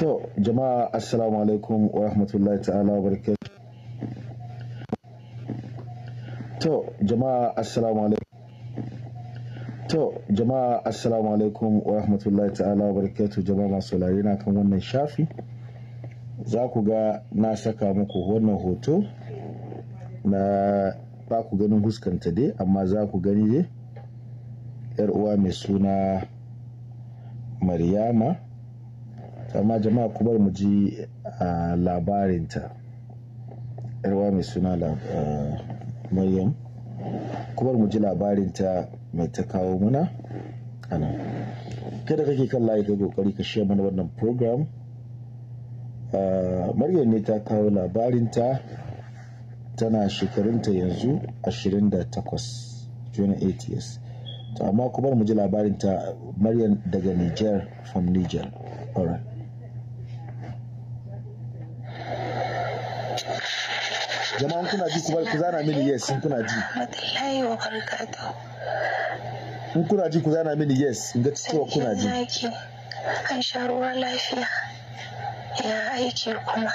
To, jama'a assalamu alaikum wa rahmatullahi ta'ala wa barakatuh. To, jama'a assalamu alaikum. To, jama'a assalamu alaikum wa rahmatullahi ta'ala wa barakatuh jama'a masu na kan wannan shafi. Za ku ga na saka muku wannan hoto na ba ku ganin huskanta dai amma za ku gani dai yar uwa mai suna Mariyama. amma jama'a ku mu ji labarinta yarwa mai suna maryam ku mu ji labarinta mai ta kawo muna ana kada kake kan layi ka kokari ka share mana wannan program maryam ne ta kawo labarinta tana shekarunta yanzu 28 juna 8 years to amma ku bar mu ji labarinta maryam daga niger from niger right. jama'an kuna ji ku ku zana mini yes in kuna ji in kuna ji ku zana mini yes in ga cewa kuna ji an sha ruwa lafiya ya aiki kuma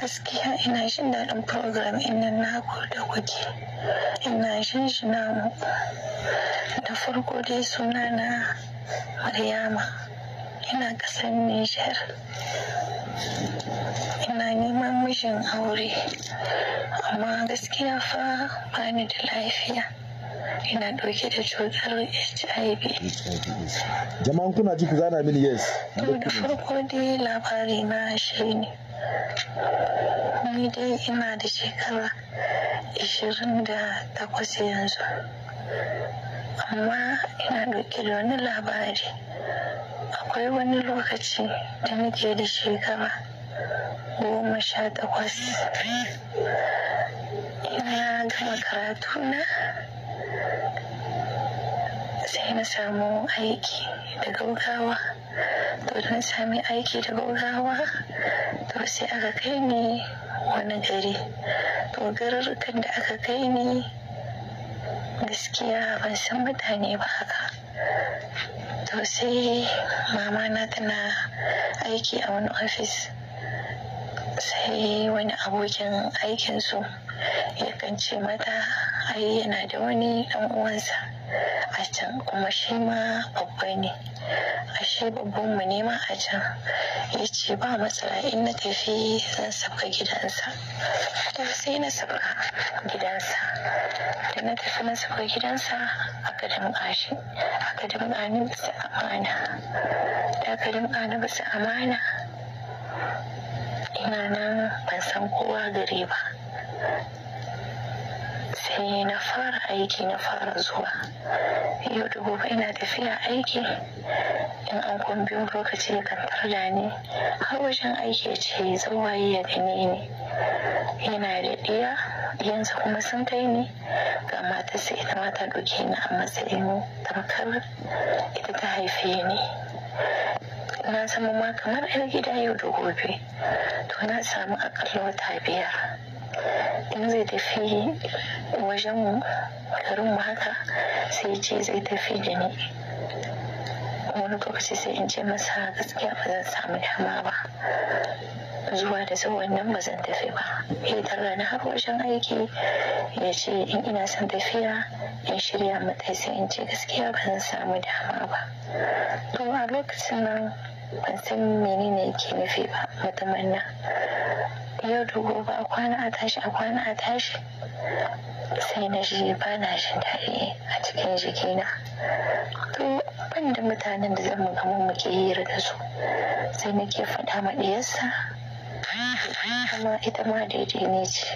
gaskiya ina jin daɗin program ina na da kuke ina jin shi na muku da farko dai suna na Mariyama. ina ƙasar nijar na neman mijin aure amma gaskiya fa ba ni da lafiya ina ɗauke da cutar hiv jama'an kuna ji ku zana mini yes da farko dai labari na shi ne ni dai ina da shekara 28 yanzu amma ina ɗauke da wani labari akwai wani lokaci da muke da shekara goma sha takwas ina gama karatu na sai na samu aiki da gaugawa to don sami aiki da gaugawa to sai aka kai ni wani gari to garurrukan da aka kai ni gaskiya ban san mutane ba haka to sai mama na tana aiki a wani ofis sai wani abokin aikinsu ya kance mata ai yana da wani dan uwansa a can kuma shi ma babba ne shi babban mu ne ma a can ya ce ba matsala in na tafi zan sabka gidansa to sai na sabka gidansa da na tafi na sabka gidansa aka damƙa shi aka damƙa bisa amana ina nan ban san kowa gari ba sai na fara aiki na fara zuwa yau da gobe ina tafiya aiki in an kun lokaci lokaci kan da ne har wajen aiki ce zawaye ya gane ne. yana da ɗiya yanzu kuma sun kai ni ga mata sai ita mata ɗauke ni a matsayin tamkar ita ta haife ni na zama ma kamar 'yar gida yau da gobe to na samu akalla wata biyar in zai tafi wajenmu garinmu haka sai ce zai tafi da ni wani lokaci sai in ce masa gaskiya ba zan samu dama ba zuwa da tsawon nan ba zan tafi ba ya tara na har wajen aiki ya ce in ina son tafiya ya shirya mata sai in ce gaskiya ban samu dama ba to a lokacin nan ban san menene yake nufi ba mutumin nan yau da gobe a kwana a tashi a kwana a tashi sai na shi ba na jin daɗi a cikin jikina to ban da mutanen da zan gama muke hira da su sai nake faɗa ma ɗiyarsa kuma ita ma daidai ne ce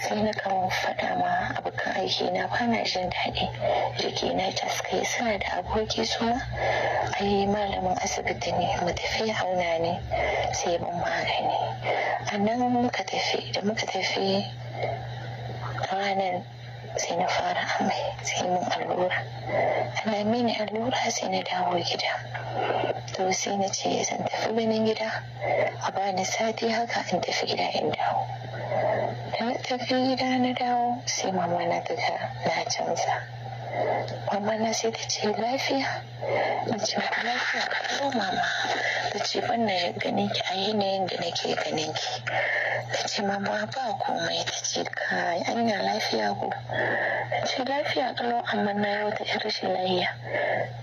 sai na kan faɗa ma abu aiki na kwana jin daɗi jiki na taskai suna da aboki suna ayi malamin asibiti ne mu tafi auna ne sai ban magani a nan muka tafi da muka tafi ranar sai na fara amai sai mun allura ana mini allura sai na dawo gida to sai na ce zan tafi binin gida a bani sati haka in tafi gida in dawo na tafi gida na dawo sai mama na ta na canza mama na sai ta ce lafiya na ce lafiya kalo mama ta ce ban na ganin ki a yanayin da nake ganin ki ta ce mama ba komai ta ce kai an na lafiya ko ta ce lafiya kalo amma na yau ta rashin lafiya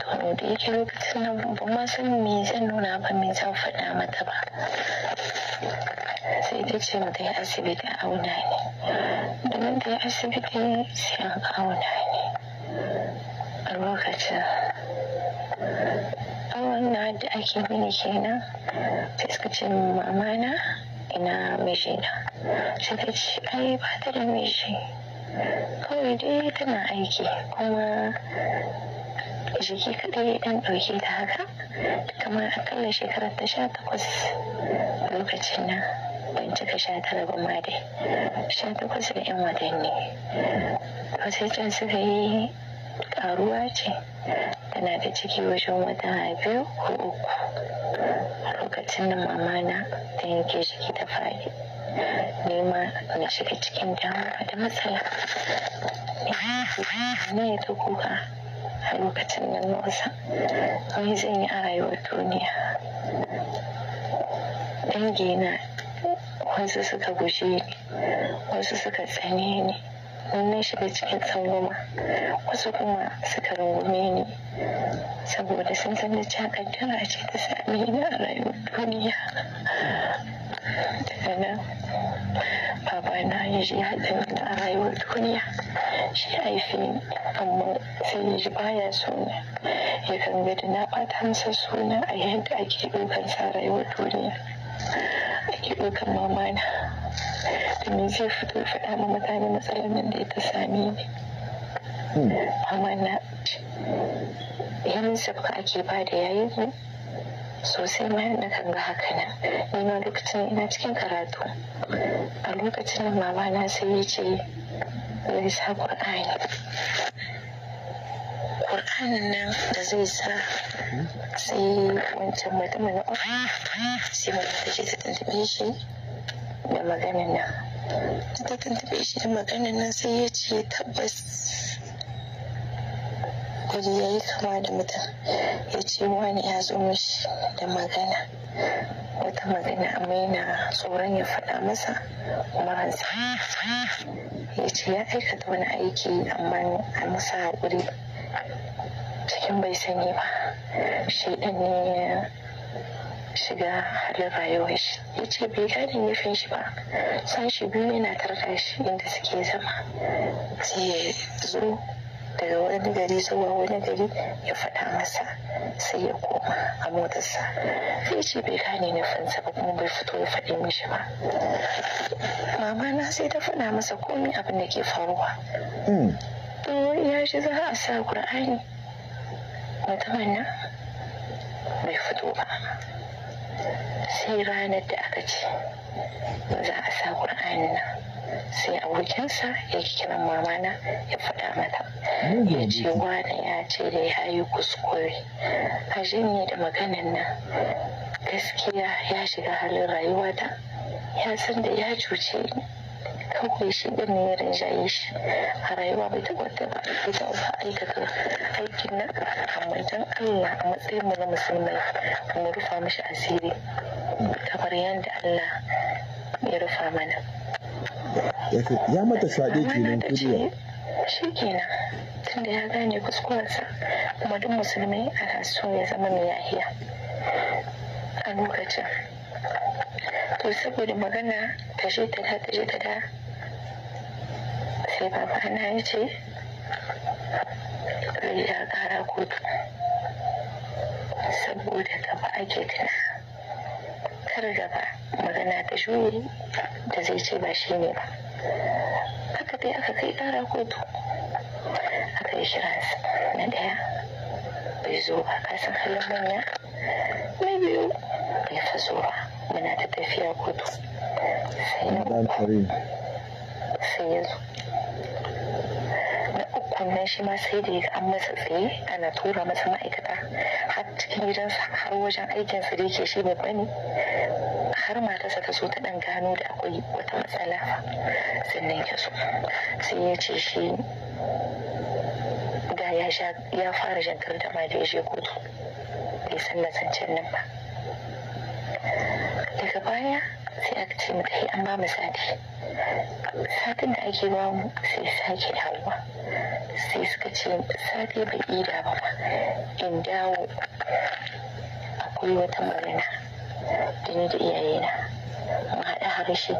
to da yake lokacin nan ban ma san me zan nuna ba me zan faɗa mata ba sai ta ce mu yi asibiti auna ne domin ta yi asibitin sai auna ne a lokacin awon na da ake mini kenan sai suka ce mamana ina mijina sai ta ce ai ba ta da miji kawai dai tana aiki kuma jiki kadai ɗan dauke ta haka kamar akalla shekarar ta sha takwas lokacin nan ban cika sha tara ba ma dai sha takwas da yan watanni to sai can suka yi karuwa ce tana da ciki wajen wata biyu ko uku lokacin da mama na ta yanke ciki ta fadi nema na shiga cikin damuwa da matsala na ya ta kuka a lokacin nan wasa wani zan yi a rayuwar duniya na. wasu suka gushe ne, wasu suka tsane wani na shiga cikin tsangwama wasu kuma suka rungume ne saboda sun san da cewa kaddara ce ta sami ni a rayuwar duniya daga nan baba na ya ji haɗin a rayuwar duniya shi haifi amma sai ya ji baya suna ya kan gada na ɓata masa suna a yadda ake ɗaukar sa rayuwar duniya a ɗaukan mama na me zai fito faɗa ma mutane matsalar nan da yata sami ne hmm. mama na yamin sabka ake ba da yayi ku sosai ma na kan ga haka na ni ma lokacin ina cikin karatu a lokacin da mama na sai ya ce zai sa ƙur'ani alkur'anin nan da zai sa sai wancan mutumin na uku sai mai ta ce ta shi da maganin nan ta tuntube shi da maganin nan sai ya ce tabbas gwaji ya yi kama da mutum ya ce wani ya zo da magana wata magana amma yana tsoron ya faɗa masa kuma ya ce ya aikata wani aiki amma a masa haƙuri cikin bai sani ba shi ɗan ne shiga halin rayuwar shi ya ce bai gane nufin shi ba san shi biyu yana tarka shi inda suke zama sai ya zo daga wani gari zuwa wani gari ya faɗa masa sai ya koma a motarsa sai ce bai gane nufinsa ba kuma bai fito ya faɗi mishi ba mama na sai ta faɗa masa komai abin da ke faruwa hmm. ya shi za a sa ƙur'ani mutumin nan bai fito ba sai ranar da aka ce za a sa ƙur'ani na sai abokinsa ya kiran mamana ya faɗa mata ya ce wani ya ce da ya yi kuskure a ne da maganin nan gaskiya ya shiga halin rayuwata ya san da ya cuce ni kawai shi din ne ya rinjaye shi a rayuwa bai tabbata ba ita ba aikata aikin nan amma dan Allah a matsayin mu na musulmai mu rufa mishi asiri kamar yadda Allah ya rufa mana ya mata saɗe kenan kuriya shi kenan tunda ya gane kuskurensa kuma duk musulmi ana so ya zama mai yahiya a lokacin to saboda magana ta je ta da ta je ta da Sai baba na ya ce ya kara kotu saboda gaba ake tuna kar gaba magana ta shuye da zai ce ba shi ne ba aka dai aka kai kara kotu aka yi shiransa na daya bai zo ba kasan halin manya na biyu bai faso ba muna ta tafiya kotu sai na sai ya zo sannan shi ma sai da ya an masa tsaye ana tura masa ma'aikata har cikin gidansa har wajen aikinsa da yake shi babba ne har matarsa ta so ta dan gano da akwai wata matsala sannan ya so sai ya ce shi ga ya fara jankar da ma da ya je kotu bai san na zancen nan ba daga baya sai aka ce mu kai an ba mu sati satin da ake ba mu sai sake dawowa sai suka ce safe bai ida ba in dawo akwai wata magana da da iyayena mu haɗa harshe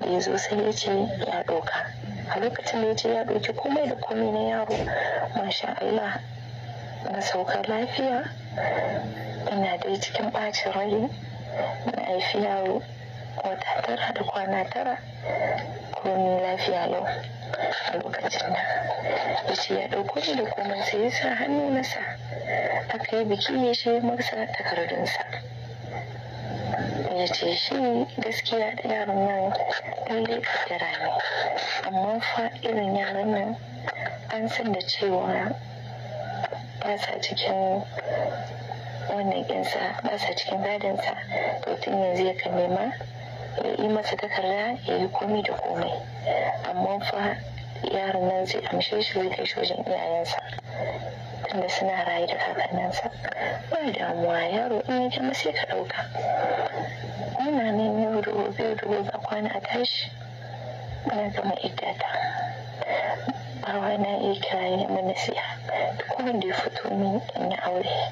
da ya zo sai ya ce ya ɗauka a lokacin da ya ce ya ɗauki komai da komai na yaro masha Allah na sauka lafiya ina dai cikin ɓacin rai na haifi yaro wata tara da kwana tara komi lafiya lau lokacin da ya ya ɗauko ni da komai sai ya sa hannu na sa aka yi biki ya ce masa takardunsa ya ce shi gaskiya da yaran nan ɗan da rani amma fa irin yaran nan an san da cewa ba sa cikin wannan ɗinsa ba sa cikin gadinsa to tun yanzu ya kan nema ya yi masa takarda ya yi komi da komai amma fa yaron nan zai amshe shi zai kai shi wajen iyayensa tunda suna rayu da kakanninsa ba damuwa yaro in ya kama sai ka ɗauka muna nan ne da gobe yau a kwana a tashi Ina gama iddata bawa na yi kira ya mu nasiha duk wanda ya fito min in yi aure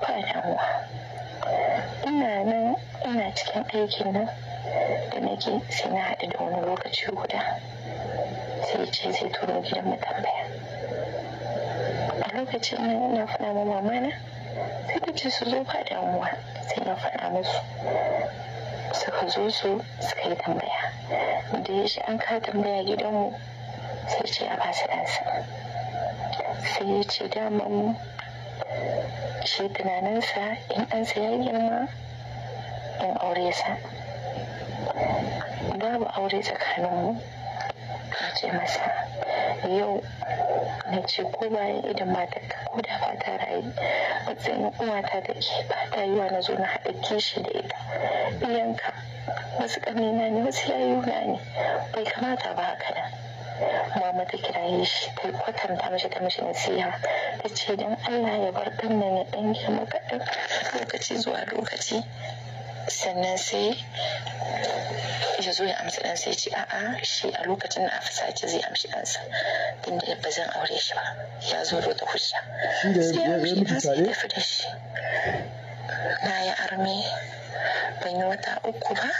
ba damuwa ina nan ina cikin aikin nan da nake sai na haɗu da wani lokaci guda sai ce zai turo gidan mu tambaya a lokacin nan ina faɗa ma mama na sai ta ce su zo ba sai na faɗa musu suka zo su suka yi tambaya da ya shi an ka tambaya gidanmu sai ce a basu ɗansa sai ya ce mu shi tunaninsa in ɗansa ya girma in aure sa babu aure tsakaninmu ce masa yau na ce ko bayan idan ka ko da ba ta rayu matsayin uwata da ke ba ta wa na zo na haɗa kishi da ita iyanka wasu ƙamina ne wasu na ne bai kamata ba haka nan mama ta kiraye shi ta kwatanta mashi ta mashi nasiha ta ce don allah ya bar ɗan nan ya ɗan girma kaɗan lokaci zuwa lokaci sannan sai ya zo ya amsa ɗansa ya ce a'a shi a lokacin da a fusace zai amshi ɗansa tun da ba zan aure shi ba ya zo da hujja sai ya amshi tafi da shi na arme ban yi wata uku ba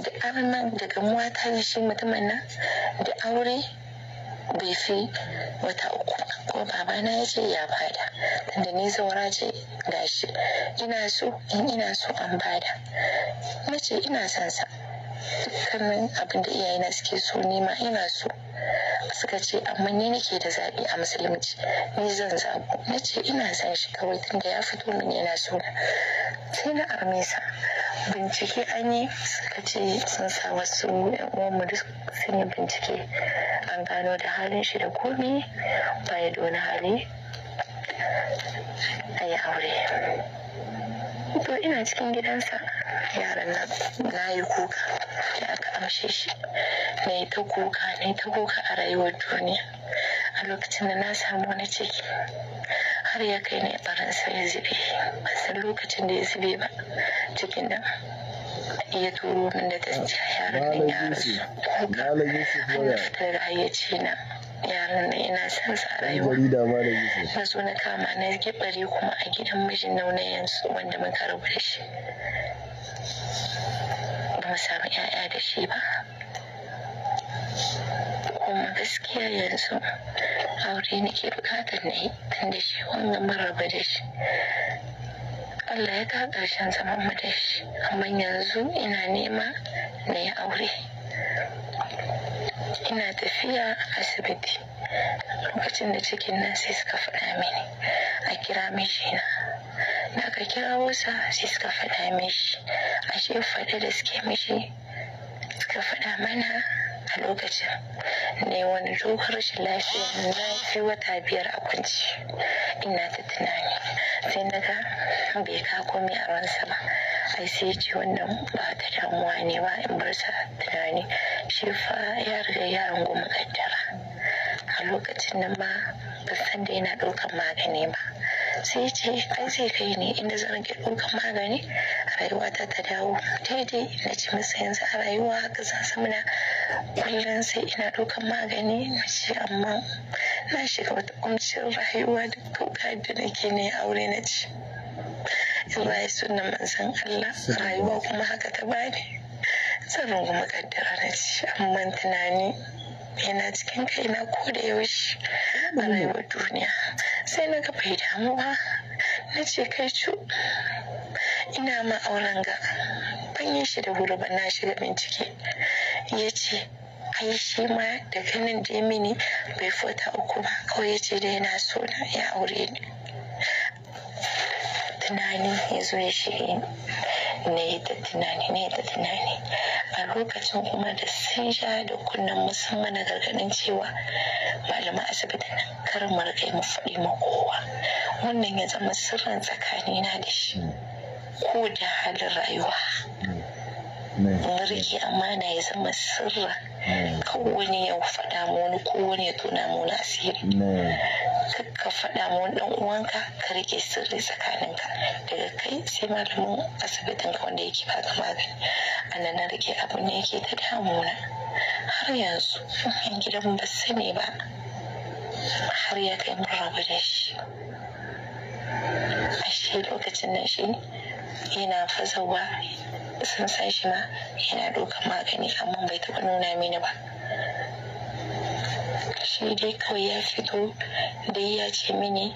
da arman da gamuwa ta yi shi mutumin nan da aure bai fi wata uku kuma babana ya ce ya bada da ni saura ce gashi ina so in ina so an bada mace ina son sa dukkanin abin da iyayena suke so nema ina so suka ce amma ni nake da zaɓi a musulunci ni zan zaɓo na ce ina son shi kawai tunda ya fito min yana so sai na armesa bincike an yi suka ce sun sa wasu yan uwanmu duk sun yi bincike an gano da halin shi da komi baya da wani hali a yi aure to ina cikin gidansa yaran nan na yi kuka da aka amshe shi na yi ta kuka na yi ta kuka a rayuwar duniya a lokacin da na samu wani ciki har ya kai ne baransa ya zube ba san lokacin da ya zube ba cikin nan ya turo min da ta ce yaran nan ya rasu an fitar da hayyaci na yaran nan ina son sa rayuwa na so na kama na gibbare kuma a gidan mijin na yanzu wanda muka rabu da shi ba mu samu 'ya'ya da shi ba kuma gaskiya yanzu aure nake bukatar na yi da shi wannan maraba da shi Allah ya ka ƙarshen zaman mu da shi amma yanzu ina nema na yi aure ina tafiya asibiti lokacin da cikin nan sai suka faɗa mini a kira mishi na ka kira wasa sai suka faɗa mishi shi faɗa da suke mishi suka faɗa mana a lokacin ne wani dokar rashin lafiya na fi wata biyar a kwanci ina ta tunani sai na ga bai ka komai a ransa ba ai sai ce wannan ba ta damuwa ne ba in bar sa tunani shi fa ya riga ya rungumi kaddara a lokacin nan ma ba san da yana ɗaukan magani ba sai ce ai zai kai ne inda zan rage ɗaukan magani a ta ta dawo daidai na ci masa yanzu a rayuwa haka zan samuna kullum sai ina ɗaukan magani na ci. amma na shiga wata kumcin rayuwa duk kauka da nake ne aure na ci. in ya sunna manzan Allah rayuwa kuma haka ta bani zan rungumi kaddara na ci, amma tunani yana cikin kaina ko da yaushe a rayuwar duniya sai na ga bai damu ba na ce kai cu ina ma auren ga ban yi shi da wuri ba na shiga bincike ya ce ai shi ma da ganin da mini bai fota uku ba kawai ya ce da yana so na ya aure ni tunani ya zo ya shiga na yi tunani na yi tunani a lokacin kuma da sun sha da kunnen musamman na gargadin cewa malama asibitin kar mu rike mu faɗi ma kowa wannan ya zama sirrin na da shi hmm. ko da halin rayuwa hmm. mulki amana ya zama sirra hmm. ko wani ya faɗa ma wani ko wani ya tona mu na asiri ka faɗa ma wani ɗan uwanka ka rike sirri tsakaninka daga kai sai malamin asibitin ka wanda yake baka magani anan na rike abu ne yake ta damuna har yanzu in gidan ba sani ba har ya kai mun rabu da shi ashe lokacin nan shi yana fazawa sun san shi ma yana ɗaukar magani amma bai taɓa nuna mini ba shi dai kawai ya fito dai ya ce mini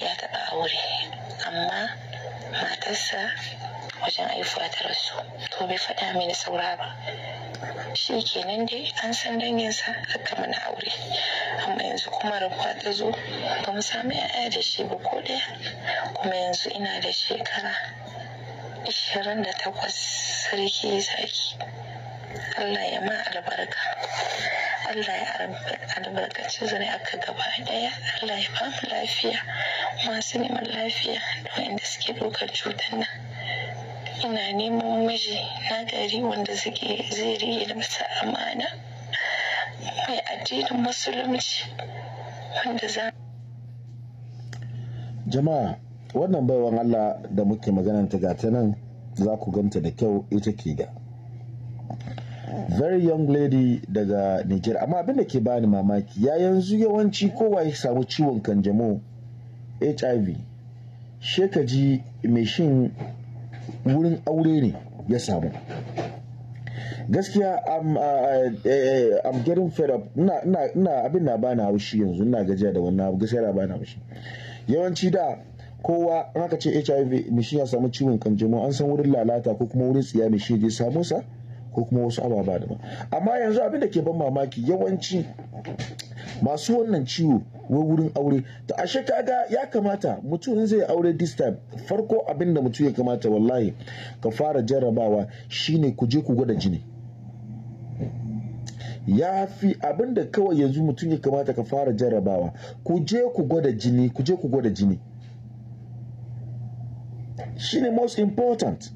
ya taɓa aure amma matarsa wajen aifuwa ta rasu to bai faɗa mini saura ba shi kenan dai an san danginsa aka mana aure amma yanzu kuma rabuwa ta zo ba mu sami 'ya'ya da shi ba ko ɗaya kuma yanzu ina da shekara ishirin da takwas sarki zaki Allah ya ma albarka Allah ya albarkaci aka gaba daya Allah ya bamu lafiya masu neman lafiya da wanda suke dokar cutar nan ina neman miji na gari wanda suke zai da masa amana mai addinin musulunci wanda za jama'a wannan baiwan Allah da muke magana ta gata nan za ku ganta da kyau ita ke da. very young lady daga niger amma abin da ke bani mamaki ya yanzu yawanci kowa ya samu ciwon kanjamau hiv shekaji mai shin wurin aure ne ya samu gaskiya am uh, uh, eh, eh, getting fed up ina abin na bana haushi yanzu ina gajiya da wannan gaskiya na bana haushi yawanci da kowa an aka ce HIV mishi ya samu ciwon kanjamau an san wurin lalata ko kuma wurin tsiya mishi je samu sa ko kuma wasu ababa daban amma yanzu abin da ke ban mamaki yawanci masu wannan ciwo wai wurin aure ta ashe kaga ya kamata mutum zai aure this time farko abin da mutum ya kamata wallahi ka fara jarrabawa shine ku je ku gwada jini ya fi abin da kawai yanzu mutum ya kamata ka fara jarrabawa ku je ku gwada jini ku je ku gwada jini shine most important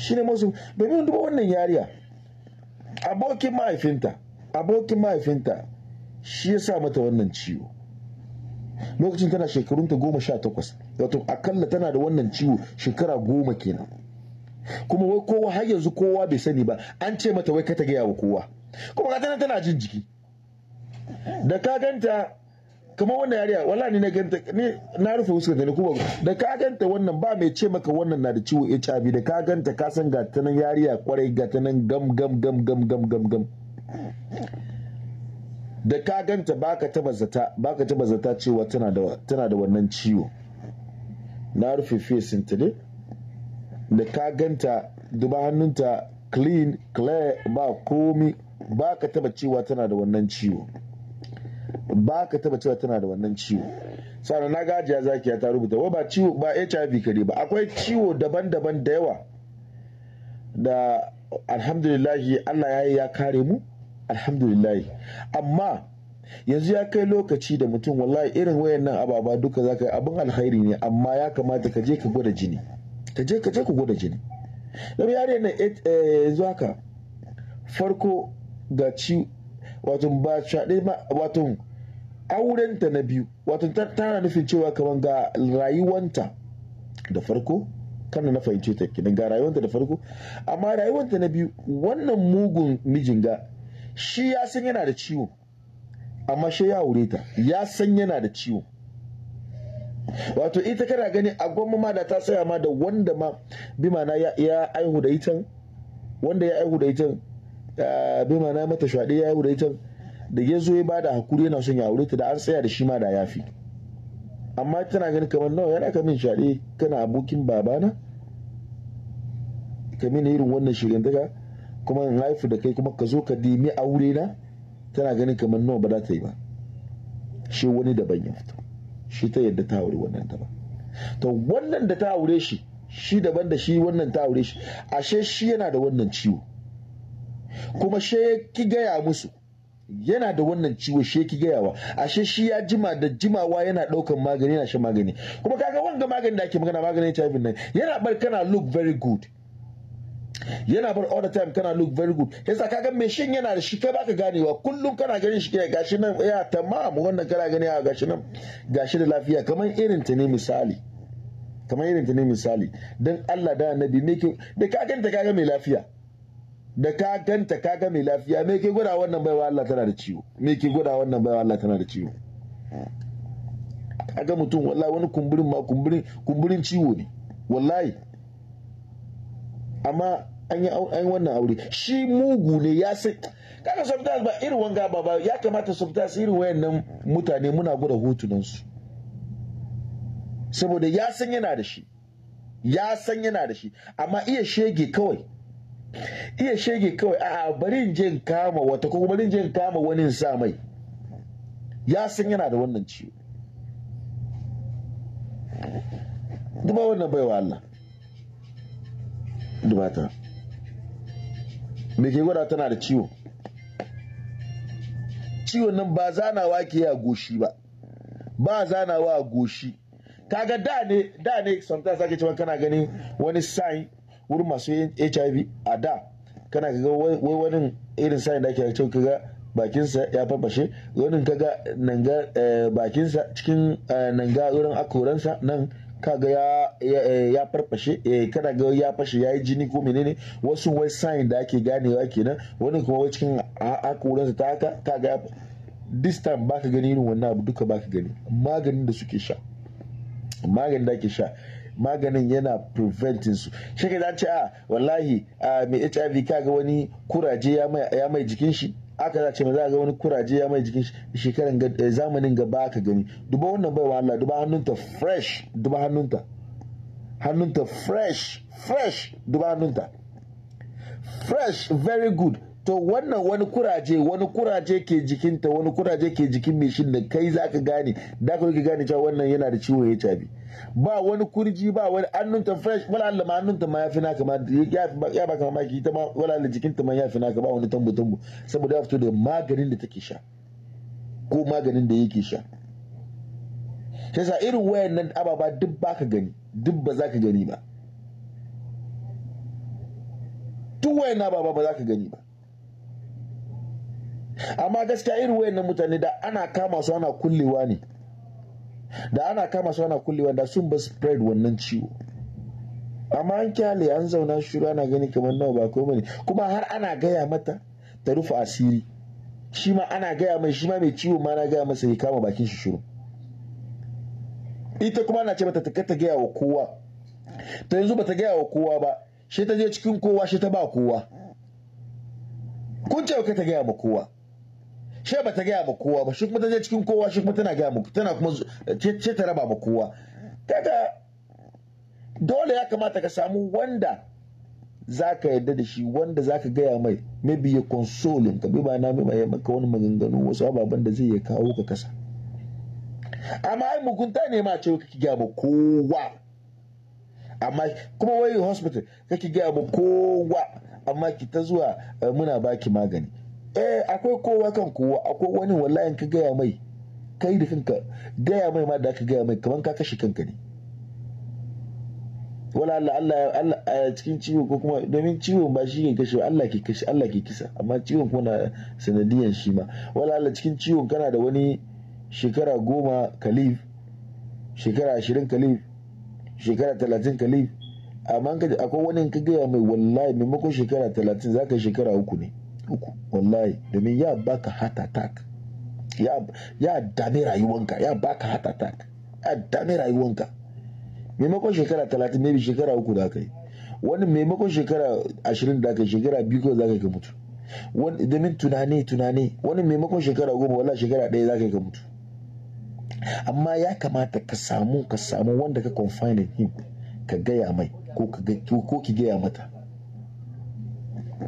shi ne masu domin duba wannan yariya abokin mahaifinta abokin mahaifinta shi ya sa mata wannan ciwo lokacin tana shekarunta goma sha takwas wato akalla tana da wannan ciwo shekara goma kenan kuma wai kowa har yanzu kowa bai sani ba an ce mata wai ka ta gaya wa kowa kuma ka tana tana jin jiki da ka ganta kamar wannan yariya wala ni na ganta ni na rufe fuskar ta ne kuma da ka ganta wannan ba mai ce maka wannan na da ciwo HIV da ka ganta ka san ga ta nan yariya kwarai ga ta nan gam gam gam gam gam gam gam da ka ganta baka taba zata baka taba zata cewa tana da tana da wannan ciwo na rufe fesin ta ne da ka ganta duba hannunta clean clear ba komi baka taba cewa tana da wannan ciwo ba ka taba cewa tana da wannan ciwo sana na gajiya zakiya ta rubuta wa ba ciwo ba hiv kare ba akwai ciwo daban-daban da yawa da alhamdulillahi allah ya yi ya kare mu alhamdulillahi amma yanzu ya kai lokaci da mutum wallahi irin wayannan ababa duka zaka yi abin alkhairi ne amma ya kamata ka je ka gwada jini ka je ka je ka gwada jini da yare na yanzu haka farko ga ci wato ba shaɗe wato aurenta na biyu wato tana nufin cewa kamar ga rayuwanta da farko kan na fahimce ta kenan ga rayuwanta da farko amma rayuwanta na biyu wannan mugun mijin ga shi ya san yana da ciwo amma shi ya aure ta ya san yana da ciwo wato ita kana gani a gwamma ma da ta tsaya ma da wanda ma bi mana ya aihu da ita wanda ya aihu da ita eh, bi mana mata shaɗe ya aihu da ita da ya zo ya bada hakuri yana son ya aure ta da an tsaya da shi ma da yafi amma tana ganin kamar nawa yana kamin shaɗe kana abokin babana ka irin wannan shirin daga kuma in haifu da kai kuma ka zo ka dimi aure na tana ganin kamar nawa ba za ta yi ba shi wani daban ya fito shi ta yadda ta aure wannan ta ba. to wannan da ta aure shi shi daban da shi wannan ta aure shi ashe shi yana da wannan ciwo kuma ya, ki gaya musu yana da wannan ciwo shi yake gayawa ashe shi ya jima da jimawa yana daukan magani yana shan magani kuma kaga wanga magani da ake magana maganin HIV nan yana bar kana look very good yana bar all the time kana look very good yasa kaga me shin yana da shi kai baka ganewa kullum kana ganin shi kai gashi nan ya tamam wannan kana gani a gashi nan gashi da lafiya kamar irin ta ne misali kamar irin ta ne misali dan Allah da annabi me ke da ka ganta kaga mai lafiya da ka ganta ka ga mai lafiya me ke gwada wannan baiwa Allah tana da ciwo me ke gwada wannan baiwa Allah tana da ciwo ga mutum wallahi wani kumburin ma kumburin kumburin ciwo ne wallahi amma an yi wannan aure shi mugu ne ya san kaga sometimes ba irin wanga ba ba ya kamata sometimes irin wayannan mutane muna gwada hotunan su saboda ya san yana da shi ya san yana da shi amma iya shege kawai iya shege kawai a bari in je in kama wata ko bari in je in kama wani in sa mai ya san yana da wannan ciwo duba wannan baiwa Allah duba ta me ke gwada tana da ciwo ciwon nan ba zanawa ke a goshi ba ba zanawa a goshi kaga da ne da ne sometimes ake cewa kana ganin wani sign wurin masu hiv a da kana kaga wai wani irin sa'in da ake cewa kaga bakinsa ya farfashe wani kaga nanga eh, bakinsa cikin eh, nanga wurin akoransa nan kaga ya ya eh, farfashe kana ga ya fashe ya yi jini ko menene wasu wai sa'in da ake ganewa kenan wani kuma wai cikin akoransa ta haka kaga this time baka gani irin wannan abu duka baka gani maganin da suke sha maganin da ake sha maganin yana preventing su shi ah, ah, ka ce a wallahi a mai hiv kaga wani kuraje ya mai jikin shi aka za ce ma za ga wani kuraje ya mai jikin shekaran zamanin gaba ka gani duba wannan bai wahala duba hannunta fresh duba hannunta hannunta fresh fresh duba hannunta fresh very good to wannan wani kuraje wani kuraje ke jikinta wani kuraje ke jikin mai shin da kai za ka gane da ka rike gane cewa wannan yana da ciwon HIV ba wani kurji ba wani annunta fresh wala Allah ma annunta ma yafi naka ma ya baka mamaki ita ma wala Allah jikinta ma yafi naka ba wani tambu tambu saboda ya fito da maganin da take sha ko maganin da yake sha sai sa irin wayannan ababa duk baka gani duk ba za ka gani ba duk wayannan ababa ba za ka gani ba amma gaskiya irin wayannan mutane da ana kama su ana kullewa ne da ana kama su ana kullewa da sun ba spread wannan ciwo amma an kyale an zauna shiru ana gani kamar nawa ba komai ne kuma har ana gaya mata ta rufe asiri shi ma ana gaya mai shi ma mai ciwo ma na gaya masa ya kama bakin shi shiru ita kuma ana ce mata ta kata gaya wa kowa ta yanzu ba ta gaya wa kowa ba shi ta je cikin kowa shi ta ba kowa kun ce ka ta gaya ma kowa she ba ta gaya ma kowa ba shi kuma ta je cikin kowa shi kuma tana gaya ba tana kuma ce ta raba ma kowa kaga dole ya kamata ka samu wanda za ka yarda da shi wanda za ka gaya mai maybe ya consoling ka bi na ba ya maka wani maganganu wasu ababen da zai ya kawo ka kasa amma ai mugunta ne ma ce kake gaya ma kowa amma kuma wai hospital kake gaya ma kowa amma ki ta zuwa eh, muna baki magani eh akwai kowa kan kowa akwai wani wallahi ka gaya mai kai da kanka gaya mai ma da ka gaya mai kamar ka kashe kanka ne wala Allah Allah Allah a cikin ciwo ko kuma domin ciwon ba shi ke kashe Allah ke kashe Allah ke kisa amma ciwon kuma na sanadiyan shi ma wala Allah cikin ciwon kana da wani shekara goma kalif shekara ashirin kalif shekara talatin kalif amma akwai wani ka gaya mai wallahi maimakon shekara talatin zaka shekara uku ne uku wallahi domin ya baka heart attack ya dame rayuwanka ya baka heart attack ya dame rayuwanka maimakon shekara talatin maybe shekara uku da aka yi wani maimakon shekara ashirin da aka yi shekara biyu kawai za ka yi ka mutu wani domin tunani tunani wani maimakon shekara goma wallahi shekara ɗaya za ka yi ka mutu amma ya kamata ka samu ka samu wanda ka confine him ka gaya mai ko ki gaya mata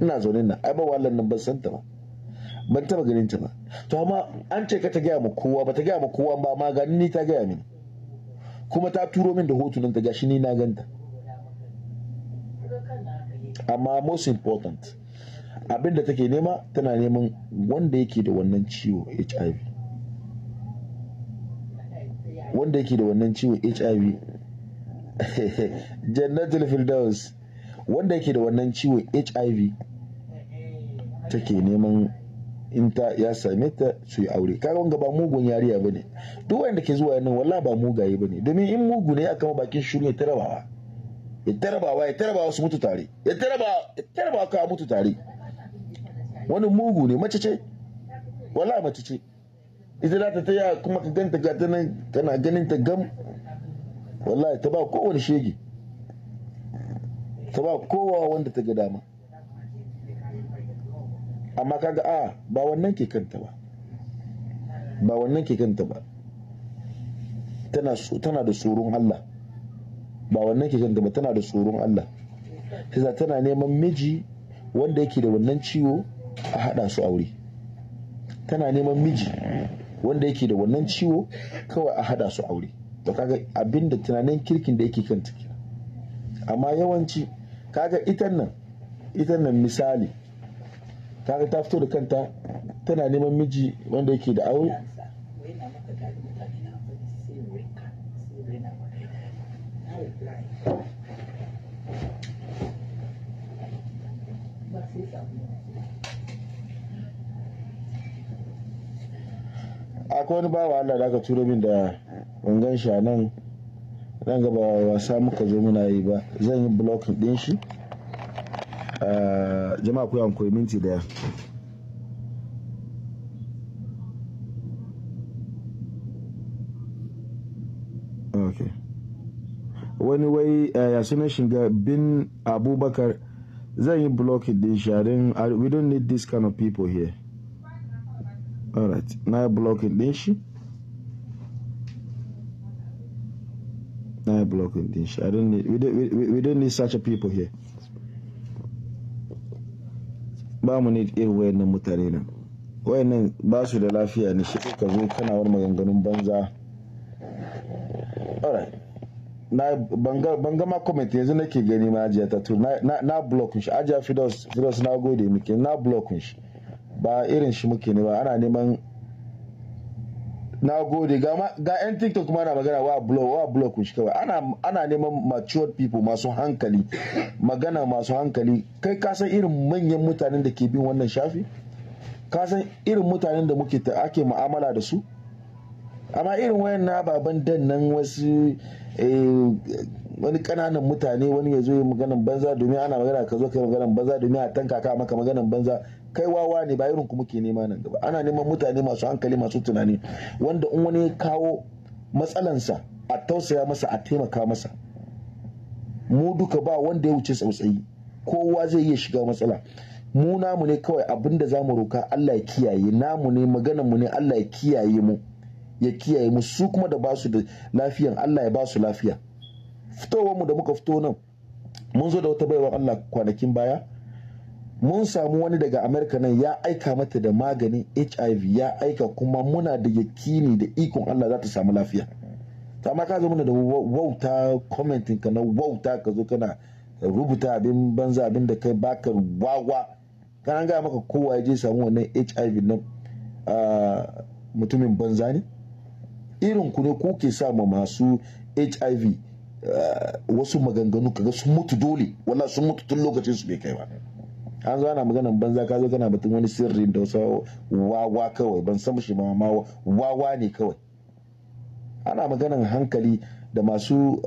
ina zaune na ai ba wallan nan ban san ta ba ban taba ganin ta ba to amma an ce ka ta gaya ma kowa ba ta gaya ma kowa ba amma gani ni ta gaya mini kuma ta turo min da hotunan ta gashi ni na ganta amma most important abin da take nema tana neman wanda yake da wannan ciwo hiv wanda yake da wannan ciwo hiv jannatul firdaus wanda yake da wannan ciwon hiv take neman in ta ya same ta su yi aure kaga wanga ba mugun yariya ne. duk wanda ke zuwa yanin wallah ba mugaye ba ne. domin in mugu ne aka ma bakin shiru ya tarabawa ya tarabawa ya tarabawa su mutu tare ya tarabawa ya tarabawa ka mutu tare wani mugu ne mace ce walla mace ce ita za ta taya kuma ka ganta ga ta nan tana ganin ta gam wallahi ta ba kowane shege ta ba kowa wanda ta ga dama amma kaga a ba wannan ke kanta ba ba wannan ke kanta ba tana da tsoron Allah ba wannan ke kanta ba tana da tsoron Allah sai tana neman miji wanda yake da wannan ciwo a hada su aure tana neman miji wanda yake da wannan ciwo kawai a hada su aure to kaga abinda tunanin kirkin da yake kanta amma yawanci kaga itan nan itan nan misali kaga ta fito da kanta tana neman miji wanda yake da aure akwai wani bawa Allah da aka turo min da ban gan shi nan gaba wasa muka zo muna yi ba zan yi blocking din shi ah, jama'a ku yankuri minti daya okay wani wai eh, ya sunan shiga bin abubakar zan yi blocking din shi we don't need this kind of people here alright na yi blocking din shi na ya block din shi i don't need we don't, we, we need such a people here ba mu need irin wayannan mutane nan wayannan ba su da lafiya ne shi ka zo kana wani maganganun banza alright na banga ma comment yanzu nake gani ma ajiya ta tur na block shi ajiya fidos fidos na gode muke na block shi ba irin shi muke ne ba ana neman na gode ga 'yan tiktok kuma ana magana wa blog wa blog shi kawai ana neman matured people masu hankali magana masu hankali kai ka san irin manyan mutanen da ke bin wannan shafi ka san irin mutanen da muke ta ake mu'amala da su amma irin wayan na baban dan nan wasu eh, wani kananan mutane wani ya zo yi maganan banza domin ana magana ka zo ka yi maganan banza domin a tanka ka maka maganan banza kai wawa ne ba irin ku muke nema nan gaba ana neman mutane masu hankali masu tunani wanda in wani ya kawo matsalansa a tausaya masa a taimaka masa mu duka ba wanda ya wuce tsautsayi kowa zai iya shiga matsala mu namu ne kawai abin da zamu roka Allah ya kiyaye namu ne maganar mu ne Allah ya kiyaye mu ya kiyaye mu su kuma da basu da lafiyan Allah ya basu lafiya fitowar mu da muka fito nan mun zo da wata baiwar Allah kwanakin baya mun samu wani daga amerika nan ya aika mata da maganin hiv ya aika kuma muna da yakini da ikon allah za ta samu lafiya amma ka zama da wauta commenting ka na wauta ka zo kana rubuta abin banza abin da kai baka wawa an gaya maka kowa ya je samu wannan hiv nan mutumin banza ne irin ku ne ko ke sa ma masu hiv wasu maganganu kaga sun mutu dole wala sun mutu tun lokacin su bai kai ba an zo ana maganan banza ka zo kana batun wani sirri da wasu wawa kawai ban san shi ma wawa ne kawai ana maganan hankali da masu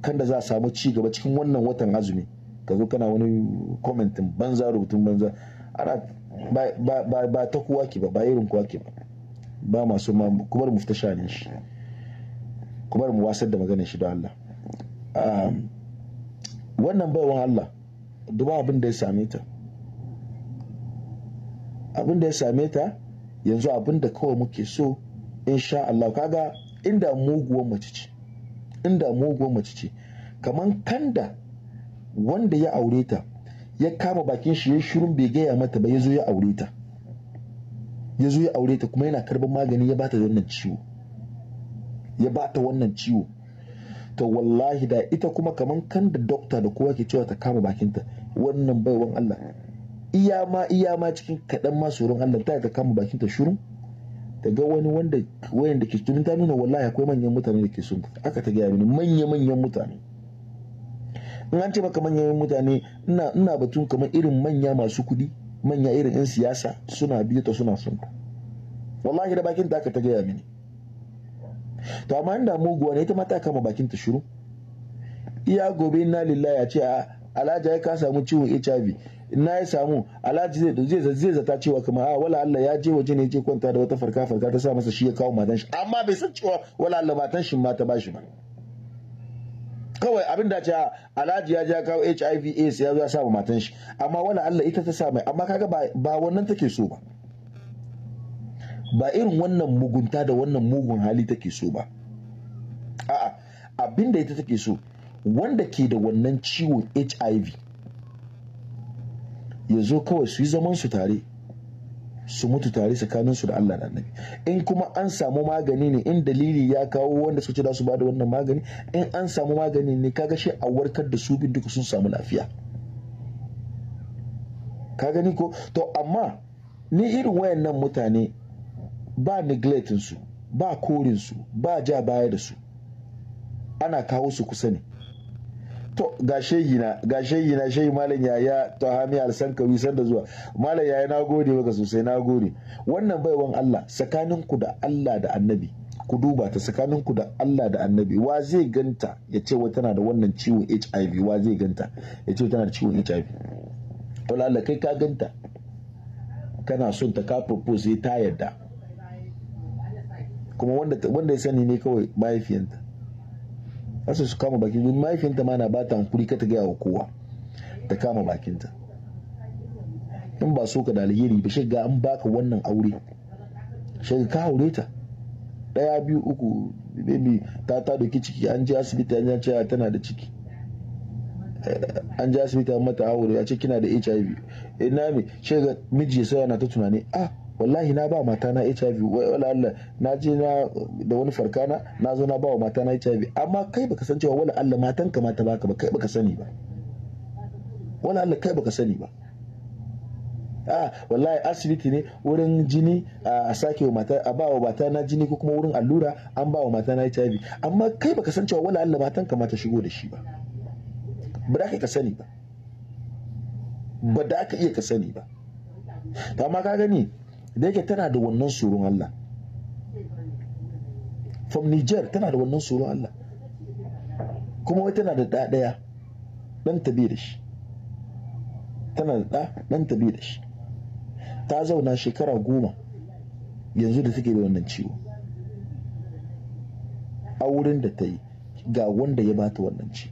kan da za a samu ci gaba cikin wannan watan azumi ka zo kana wani komentin banza rubutun banza ana ba ta kuwa ke ba ba irin kuwa ke ba ba masu ma kuma mu fita shanin shi kubar mu wasar da maganar shi da Allah wannan baiwan Allah duba abin ya same ta abin ya same ta yanzu abinda kawai muke so insha Allah kaga inda muguwar mace ce inda muguwar mace ce kaman kanda wanda ya aure ta ya kama bakin shi ya shirin bai gaya mata ba ya zo ya aure ta ya zo ya aure ta kuma yana karban magani ya bata wannan ciwo ya bata wannan ciwo to wallahi da ita kuma kaman kan da dokta da kowa ke cewa ta kama bakinta wannan baiwan Allah iya ma iya ma cikin kaɗan ma surun Allah ta ta kama bakinta shurun ta ga wani wanda wayan da ke tunin ta nuna wallahi akwai manyan mutane da ke sun aka ta gaya mini manya manyan mutane in an ce maka manyan mutane ina ina batun kamar irin manya masu kuɗi manya irin 'yan siyasa suna biyu ta suna sun wallahi da bakinta aka ta gaya mini to amma inda muguwa ne ita ma ta kama bakin ta shiru iya gobe na lillahi ya ce a alhaji ya ka samu ciwon HIV na ya samu alhaji zai zai zai zata cewa kuma a wala Allah ya je waje ne je kwanta da wata farka farka ta sa masa shi ya kawo matan shi amma bai san cewa wala Allah matan shi ma ta bashi ba kawai abin da ce alhaji ya ja kawo HIV AIDS ya zo ya sa matan shi amma wala Allah ita ta sa mai amma kaga ba wannan take so ba ba irin wannan mugunta da wannan mugun hali take so ba a'a abin da ita take so wanda ke da wannan ciwon hiv ya zo kawai su yi zaman su tare su mutu tare tsakanin su da Allah da annabi in kuma an samu magani ne in dalili ya kawo wanda suka ce za su ba da wannan magani in an samu magani ne kaga shi a warkar da su bin duka sun samu lafiya ka gani ko to amma ni irin wayannan mutane ba neglecting su ba korin su ba ja baya da su ana kawo su kusa ne to ga shehina na ga shehi shehi malam yaya ta hami alsankawi sanda zuwa malam yaya na gode maka sosai na gode wannan baiwan Allah ku da Allah da annabi ku duba ta ku da Allah da annabi wa zai ganta ya ce wa tana da wannan ciwon HIV wa zai ganta ya ce tana da ciwon HIV to Allah kai ka ganta kana son ta ka propose ta yarda kuma wanda ya sani ne kawai mahaifiyanta asa su kama bakin don mahaifiyanta ma na bata hankuri ka ta gaya wa kowa ta kama bakinta in ba so ka da alheri ba shiga an baka wannan aure shiga ka aure ta daya biyu uku baby ta ta doki ciki an je asibiti an ce tana da ciki eh, an je asibiti an mata aure a ce kina da HIV ina eh, me shiga miji ya yana ta tunani ah wallahi na ba mata na HIV wala Allah na je na da wani farkana na zo na ba wa mata na HIV amma kai baka san cewa wala Allah matan ka mata baka ba kai baka sani ba wala Allah kai baka sani ba a wallahi asibiti ne wurin jini a sake wa mata a ba wa mata na jini ko kuma wurin allura an ba wa mata na HIV amma kai baka san cewa wala Allah matan ka mata shigo da shi ba ba da ka sani ba ba da ka iya ka sani ba to amma ka gani da yake tana da wannan tsoron Allah from Niger tana da wannan tsoron Allah kuma wai tana da ɗaya ɗan ta da shi tana da ɗa ɗan ta da shi ta zauna shekara goma yanzu da take da wannan ciwo auren da ta yi ga wanda ya bata wannan ci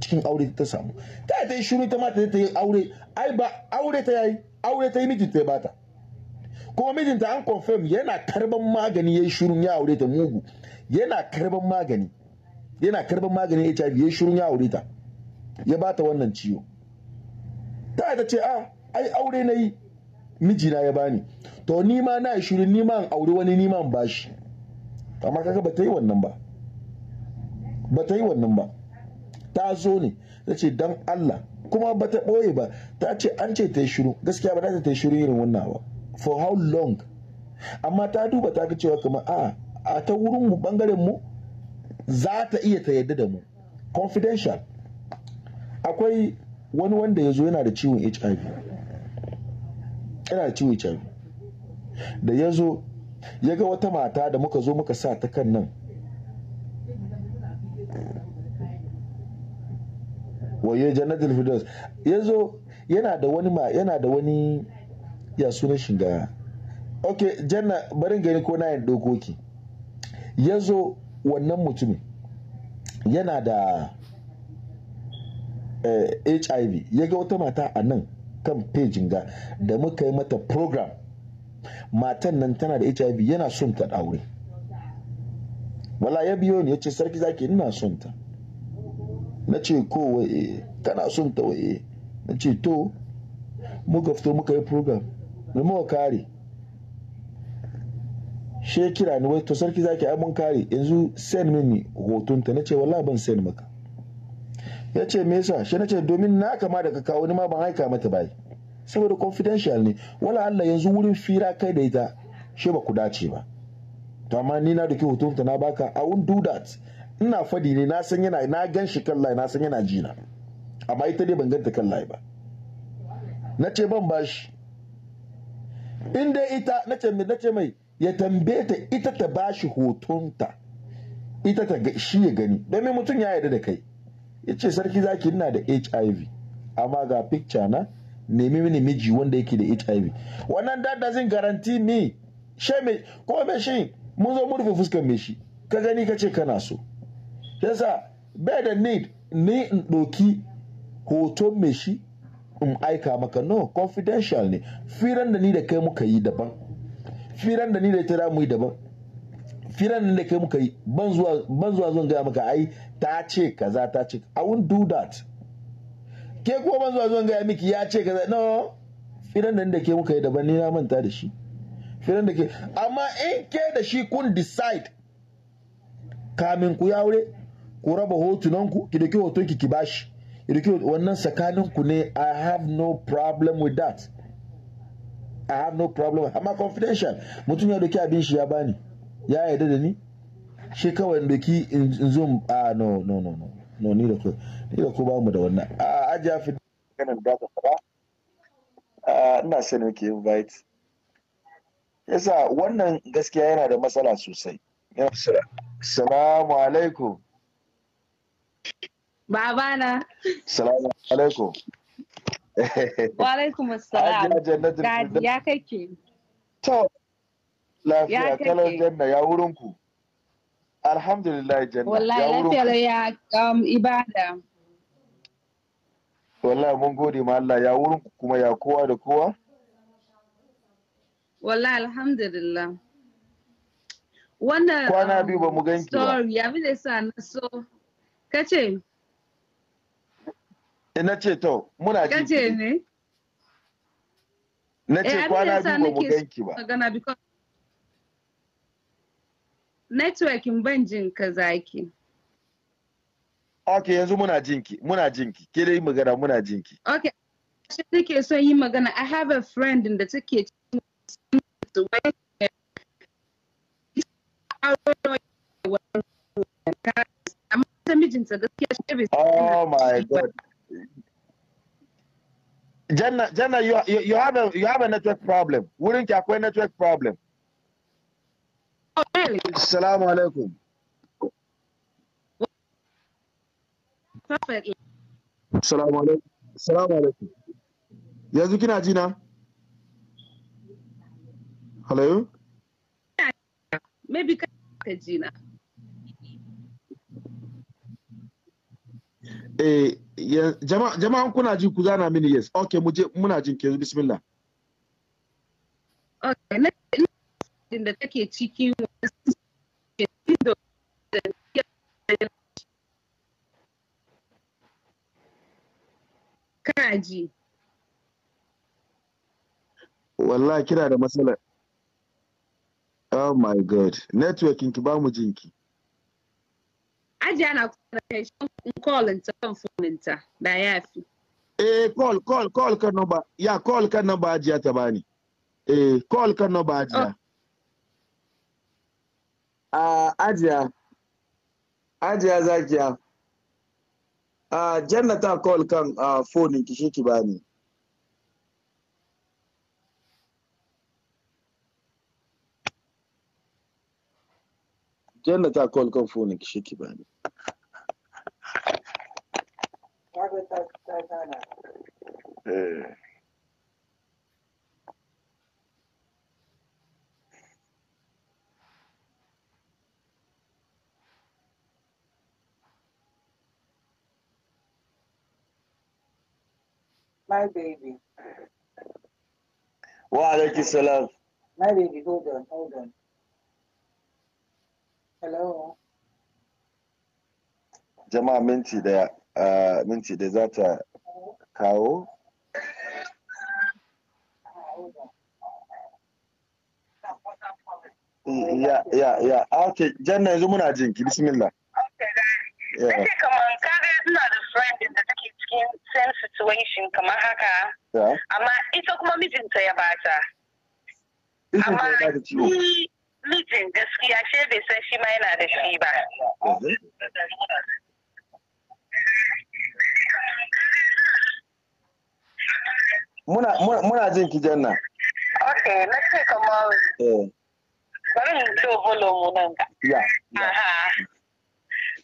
cikin aure ta samu ta ta yi shuru ta mata ta yi aure ai ba aure ta yi aure ta yi miji ta bata kuma mijinta an confirm yana karban magani yi shirun ya aure ta mugu yana karban magani yana karban ya ya yi shirun ya aure ta ya ba ta wannan ciwo ta ta ce a ah, ai aure yi mijina ya bani to ni ma na yi shirin ni ma an aure wani ni ma an bashi amma kaga ba ta yi wannan ba ba ta yi wannan ba ta zo ne ta ce don Allah kuma ba ta ɓoye ba ta ce an ce ta yi shiru gaskiya ba ta ta yi shiru irin wannan ba for how long amma ta duba ta ga cewa kamar a ah, a ta wurin mu bangaren mu za ta iya ta yadda da mu confidential akwai wani wanda ya zo yana da ciwon HIV yana da ciwon HIV da ya zo ya ga wata mata da muka zo muka sa ta kan nan waye jannatul fidus ya zo yana da wani yana da wani ya sunan shi da ok janna barin gani ko nayin dokoki ya zo wannan mutum yana da eh, hiv ya ga wata mata a nan kan pejin ga da muka yi mata program matan nan tana da hiv yana son ta aure wala ya biyo ne ya ce sarki zaki ina son ta na ce ko waye eh, tana son ta waye na ce to muka fito muka yi program mu mu kare she kira ni wai to sarki zaki ai mun kare yanzu send mini hoton ta nace wallahi ban send maka yace me yasa she nace domin na kama daga ka kawo ni ma ban aika mata bai saboda confidential ne wala Allah yanzu wurin fira kai da ita she ba ku dace ba to amma ni na duki hoton ta na baka i won't do that ina fadi ne na san yana na gan shi kallai na san yana jina amma ita dai ban ganta kallai ba na ce ban bashi in dai ita nace mai ya tambaye ta ita ta bashi hotonta ita ta shi ya gani domin mutum ya yarda da kai ya ce sarki zaki ina da hiv amma ga picture na nemi mini miji wanda yake da hiv wannan da zin guarantee me she me ko me shi mun zo mun rufe fuskar me shi ka gani ka ce kana so yasa bai da need ni in doki hoton me shi in aika maka no confidential ne firan da ni da kai muka yi daban firan da ni da ita da mu yi daban firan da kai muka yi ban zuwa ban zuwa zan gaya maka ai ta ce kaza ta ce i won't do that ke ko ban zuwa zan gaya miki ya ce kaza no firan da ni da kai muka yi daban ni na manta da shi firan da ke amma in ke da shi kun decide kamin ku ya wure ku raba hotunanku ki da ki hoton ki ki bashi recruit wannan tsakaninku ne i have no problem with that i have no problem with amma confidential mutum ya doki abin shi ya bani ya yarda da ni shi kawai doki in zo a no no no no no ni da ku ni da ku ba mu da wannan a ajiya fi ganin da ka fada ina son nake invite yasa wannan gaskiya yana da matsala sosai yana matsala assalamu alaikum babana salamu alaikum wa alaikum assalam dadi ya kake to lafiya kalar janna ya wurin ku alhamdulillah janna wallahi lafiya ya um, ibada wallahi mun gode ma Allah ya wurin ku kuma ya kowa da kowa wallahi alhamdulillah wannan kwana biyu um, ba mu ganki ba story ya bi da sa na so kace sai to muna ji ce ne na eh, kwana biyu ba mu ganki ba ban jin ka zaki ok yanzu muna jinki muna jinki ke dai magana muna jinki ok shi take yi magana i have a friend in da take Oh my god. Jenna, Jenna, you, you you have a you have a network problem. Wouldn't you have a network problem? Oh, really? Assalamu alaikum. Perfectly. Assalamu alaikum. Assalamu alaikum. Yanzu kina Hello? Maybe ka jama'a kuna ji ku zana mini yes ok muje muna jin ke bismillah ok na yi da take ciki kana wallahi kira da matsala oh my god networking ki ba mu jinki Ajiya na kusa da in kolinta kan da ya fi. Eh, call, call, call kan ba, ya call kan ba ajiya ta bani. Eh, call kan ba ajiya. Oh. A ah, ajiya, ajiya zakiya. A ah, jannata call kan fonin ah, ki shi ki bani. Celle ta kol kon founi ki My baby. Wa alaykum salam. My baby, hold on, hold on. Hello. Jama'a minti da uh, minti da za ta kawo. Ya, ya, ya, ok, janna yanzu muna jinki, bismillah. Nake kamar ga suna da friend da take cikin same situation kamar haka, amma ita kuma mijinta ya bata. Amma mijin gaskiya shi bai san shi ma yana da shi ba muna muna jin ki janna okay na ce kamar eh. bari in do mu nan ga ya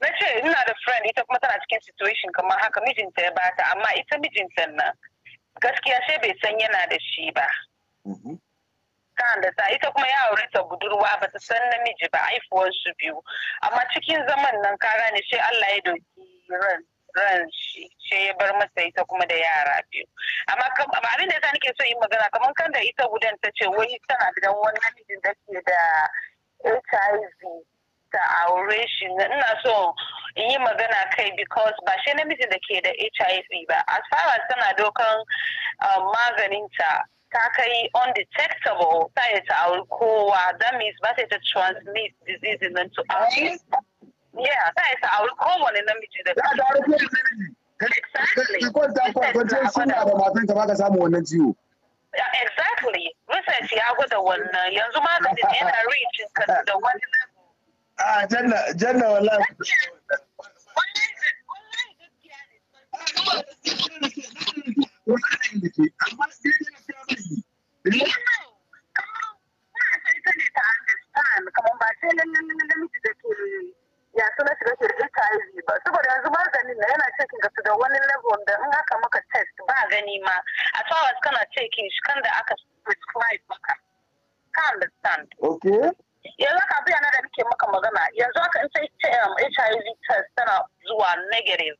na ce ina da friend ita kuma tana cikin situation kamar haka mijinta ya bata amma ita mijinta nan gaskiya sai bai san yana da shi ba mhm. kan da ta ita kuma ya aure ta budurwa ba ta san namiji ba haifuwar su biyu amma cikin zaman nan ka gane sai Allah ya doki ran ran shi sai ya bar masa ita kuma da yara biyu amma abin da ta nake so yi magana kamar kan da ita gudan ta ce wai tana gidan wani namijin da ke da HIV ta aure shi ina so in yi magana kai because ba shi namijin da ke da hiv ba as far as tana dokan ah, maganinta ta kai undetectable ta yi ta auri kowa that means ba sai ta transmit disease nan to others yeah ta yi ta namiji da ta namiji Exactly. Because samu wannan ciwo. Exactly. Research ya gwada wannan yanzu yana reach da wani Ah, janna, janna wallahi. Wannan gaskiya ne. ya suna ba saboda maganin na yana cikin da su da wani level da in aka maka test ba gani ma a kana cikin shi da aka ka understand yanzu da nake maka magana yanzu haka in um, HIV test zuwa negative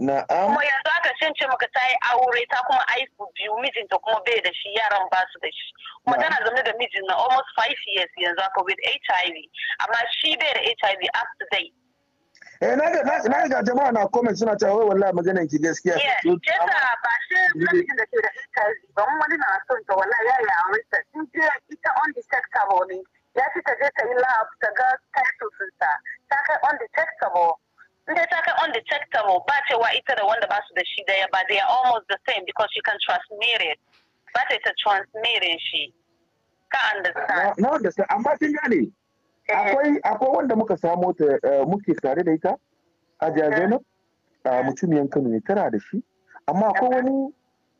na'am kuma yanzu shin ce maka ta yi aure ta kuma aiku biyu mijinta kuma bai da shi yaran ba su da shi kuma tana zaune da mijin na almost five years yanzu haka with HIV amma shi bai da HIV up to date eh na ga ga jama'a na comment suna cewa wai wallahi maganar ki gaskiya ce ta ba shi mijin da ke da HIV ba mun wani na son ta wallahi ya yi aure ta in je ita on the sector ne ya ci ta je ta yi lab ta ga titles ta ta kai on the In on detectable undetectable, cewa ita da wanda basu da shi daya, ba they are almost the same because you can transmit it. ba it's a transmitting shi. Ka understand? Na understand, amma kin gane. Eh. Akwai akwai wanda muka samo ta eh, muke tare da ita a jajena eh. a mutumiyan Kano ne tana da shi. Amma akwai wani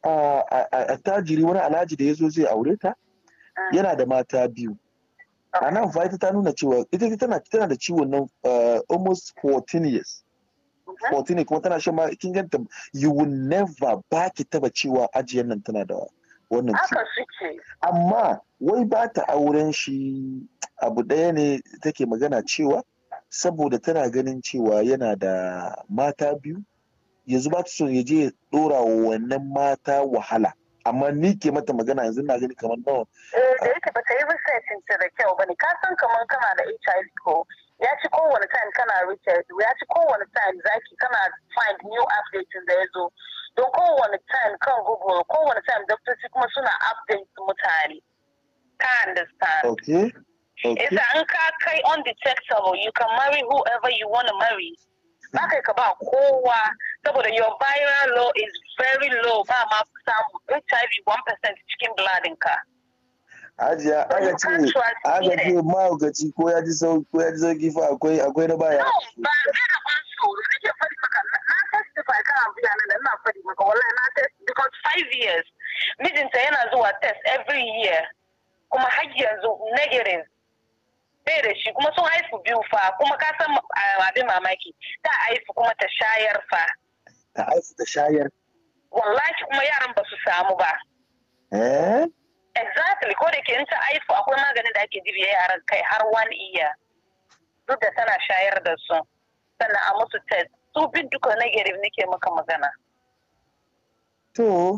ah, a tajiri wani alhaji da ya zo zai aure ta yana da mata biyu. a nan fa ta nuna cewa ita tana tana da ciwon nan uh, almost 14 years 14 mhm. ne kuma tana shan ma kin ganta you will never ba ki taba cewa ajiyar nan tana da wannan ciwo amma wai ba ta auren shi abu ɗaya ne take magana cewa saboda tana ganin cewa yana da mata biyu yanzu ba ta so ya je ya ɗora wa wannan mata wahala amma ni ke mata magana yanzu na gani kamar nawa. Eh da yake ba ta yi researchin ta da kyau ba ne ka san kamar kana da HIV ko ya ci kowane time kana research ya ci kowane time zaki kana find new updates da ya zo don kowane time kan google kowane time doctors kuma suna update mutane ka understand. Okay. Okay. Isa an ka kai undetectable you can marry whoever you want to marry. Ba kai ka ba kowa saboda your viral law is very low ba ma samu HIV 1% cikin bladinka. Ajiya, aka ce, aka ce mahaukaci ko ya ji sauki ko ya ji sauki fa akwai akwai na baya. No, ba zai da ban tsoro nake faɗi maka na testify kan abuya na da ina faɗi maka wallahi na test because five years mijinta yana zuwa test every year kuma har yanzu negative bai da shi kuma sun haifu biyu fa kuma ka san abin mamaki ta haifu kuma ta shayar fa. Ta haifu ta shayar. wallahi kuma yaran ba su samu ba eh exactly ko da ke in ta aifu akwai maganin da ake jibiya yaran kai har one iya duk da tana shayar da su sannan a musu test su bin duka na gerib nake maka magana to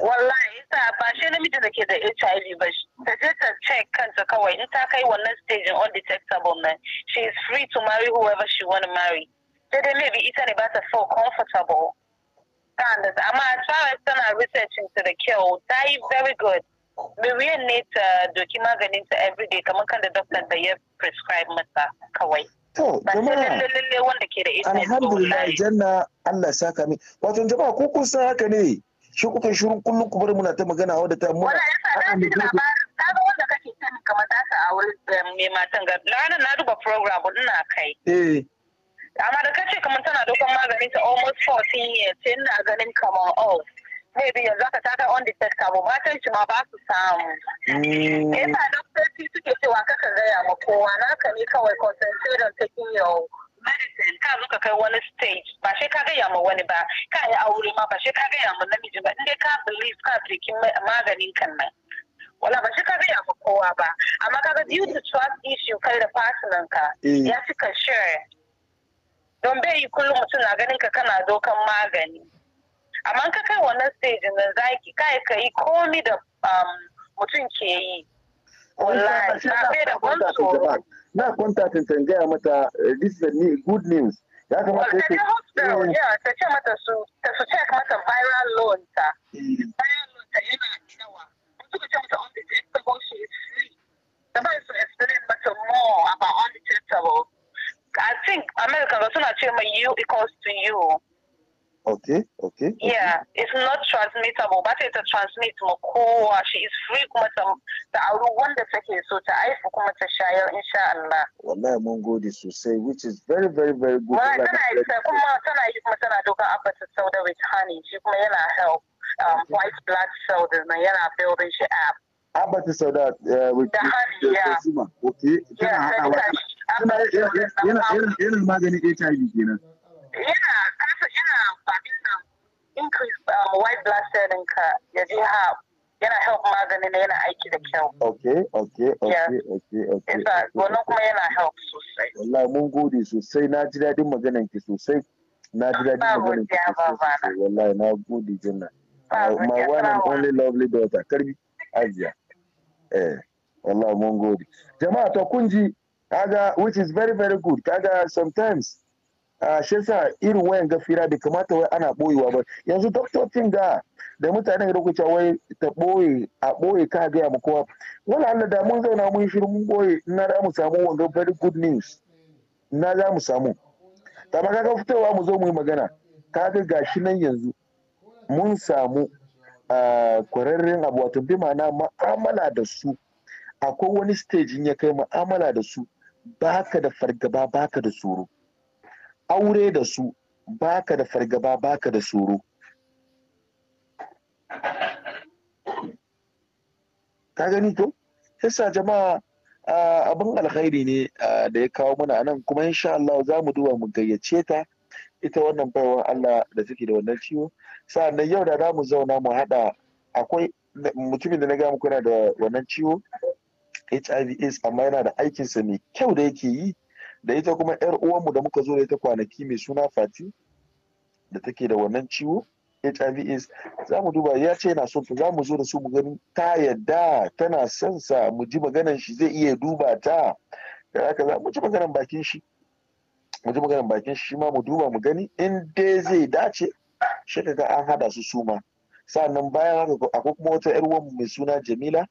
wallahi sa ba shi namiji da ke da HIV ba ta je ta check kanta kawai in ta kai wannan stage undetectable man she is free to marry whoever she want to marry sai dai maybe ita ne ba ta feel comfortable standards amma Charles tana researching ta da kyau ta yi very good Miriam ne ta doki maganin ta everyday kamar kan da doctor da ya prescribe mata kawai To, jama'a, alhamdulillah janna Allah sa ka mi. Wato jama'a ko kun san haka ne shi kuka shirin kullum ku bar muna ta magana wadda ta mu. Wala yasa na ji labarin ta ga wanda kake sani kamar ta sa aure eh, mai matan ga ranar na duba program ina kai. Eh. amma da kace kamar tana dokan magani ta almost 14 years ina ganin kamar oh maybe yanzu aka ta kai undetectable matan shi ma ba su samu mm. yasa doktoci suke cewa kaka gaya ma kowa naka ne kawai concentrate on taking your medicine ka zo ka kai wani stage ba shi ka gaya ma wani ba ka yi aure ma ba shi ka gaya ma namiji ba inda ka believe ka jikin maganin kan nan wala ba shi ka gaya ma kowa ba amma ga due to trust issue kai da partner ka mm. ya ka share don bai yi kullum mutum na ganin ka kana dokan magani amma ka kai wannan stage na zaki kai ka yi komi da um, mutum ke yi wallahi na bai da ban tsoro na contacting ta gaya mata eh, this is the good news ya kamata ta hospital eh. ya ta ce mata su ta su check mata viral loan ta eh. viral loan ta yana yawa suka ce mata undetectable oh, she is free da ba su explain mata more about undetectable I think Americans are not saying you equals to you. Okay, okay. Yeah, okay. it's not transmittable, but it's a transmit kowa shi is free kuma ta auri wanda take so ta haifu kuma ta shayar insha Allah. Wallahi mun gode sosai which is very very very good. Well, tana yi kuma tana yi kuma tana doka abata sau da with honey shi kuma yana help um, okay. white blood cells nan yana building shi up. Abata sau eh, da with honey, yeah. Okay, tana haɗawa. irin maganin HIV kenan. Yana kasa yana abin nan increase um, white blood cell ɗinka ya je ha yana help maganin yana aiki da kyau. Okay, okay, okay, okay, okay. Isa wannan kuma yana help sosai. Wallahi mun gode sosai na ji daɗin maganan ki sosai. Na ji daɗin maganan ki sosai. Wallahi na gode jinna. My one and only lovely daughter, Karbi Ajiya. Eh, wallahi mun gode. Jama'a to kun ji kaga which is very very good kaga sometimes a uh, shesa irin wayan gafira bai kamata wai ana boyewa ba yanzu doktocin ga da mutane da kuka wai ta boye a boye ka gaya mu kowa wala Allah da mun zauna mun shiru mun boye na za mu samu wanga very good news na za mu samu ta ba kaga fitowa mu zo mu yi magana kaga gashi nan yanzu mun samu ah, kwararren abu wato bi ma'ana ma'amala da su akwai wani stage ya kai ma'amala da su baka da fargaba baka da tsoro aure da su baka da fargaba baka da tsoro ka gani to yasa jama'a abin alkhairi ne da ya kawo mana nan kuma insha Allah za mu duba mu gayyace ta ita wannan baiwar Allah da take da wannan ciwo sa'annan yau da za mu zauna mu haɗa akwai mutumin da na gaya muku yana da wannan ciwo hiv aids amma yana da aikinsa mai kyau da yake yi da ita kuma yar uwanmu da muka zo da ita kwanaki mai suna fati da take da wannan ciwo hiv aids za mu duba ya ce yana son ta za mu zo da su mu gani ta yadda tana son sa mu ji maganan shi zai iya duba ta da haka za mu ji maganan bakin shi mu ji maganan bakin shi ma mu duba mu gani in dai zai dace shi ga an hada su suma sannan bayan haka akwai kuma wata yar uwanmu mai suna jamila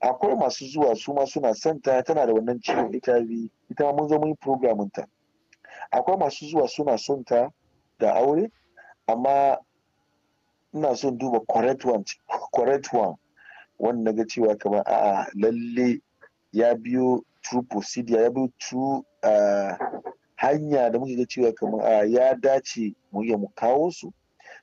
akwai masu zuwa su ma suna santa tana da wannan ciwon hiv ita mun zo mun yi programin ta akwai masu zuwa suna son ta da aure amma ina son duba correct one correct one wanda ga cewa kamar a lalle ya biyo true procedure ya biyo true ah, hanya da muke ga cewa kamar a ah, ya dace mu iya mu kawo su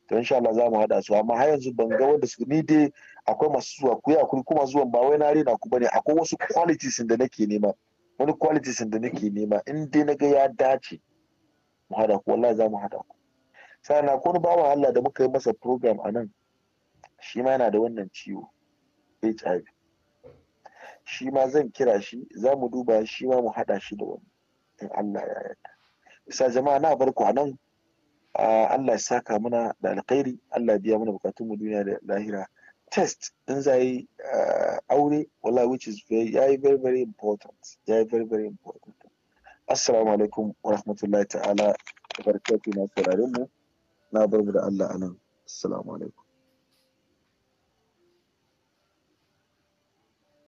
to insha Allah za mu haɗa su amma har yanzu ban ga wanda su ni dai akwai masu zuwa ku ya hakuri kuma zuwan ba wai na rena ku bane akwai wasu qualities da nake nema wani qualities da nake nema in dai na ga ya dace mu hada ku wallahi za mu hada ku na ko bawa Allah da muka yi masa program a nan shi ma yana da wannan ciwo HIV shi ma zan kira shi za mu duba shi ma mu hada shi da wani in Allah ya yarda bisa jama'a na bar ku a nan ah, Allah ya saka muna da alkhairi Allah ya biya muna bukatun mu duniya da lahira test in zai eh, aure wala which is very ya yi very very important ya yi very very important assalamu alaikum wa rahmatullahi ta'ala da na sauraron mu na barbu da Allah anan assalamu alaikum